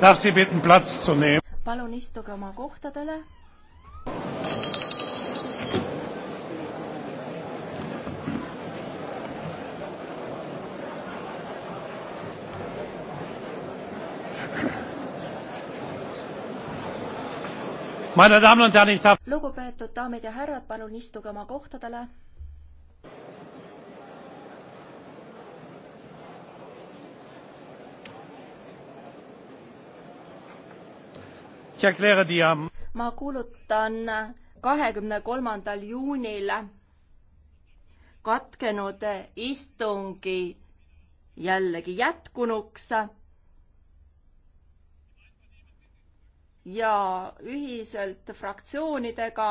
Darf Sie bitten, Platz zu nehmen? palun istuge oma kohtadele. lugupeetud daamid ja härrad, palun istuge oma kohtadele ma kuulutan kahekümne kolmandal juunil katkenud istungi jällegi jätkunuks. ja ühiselt fraktsioonidega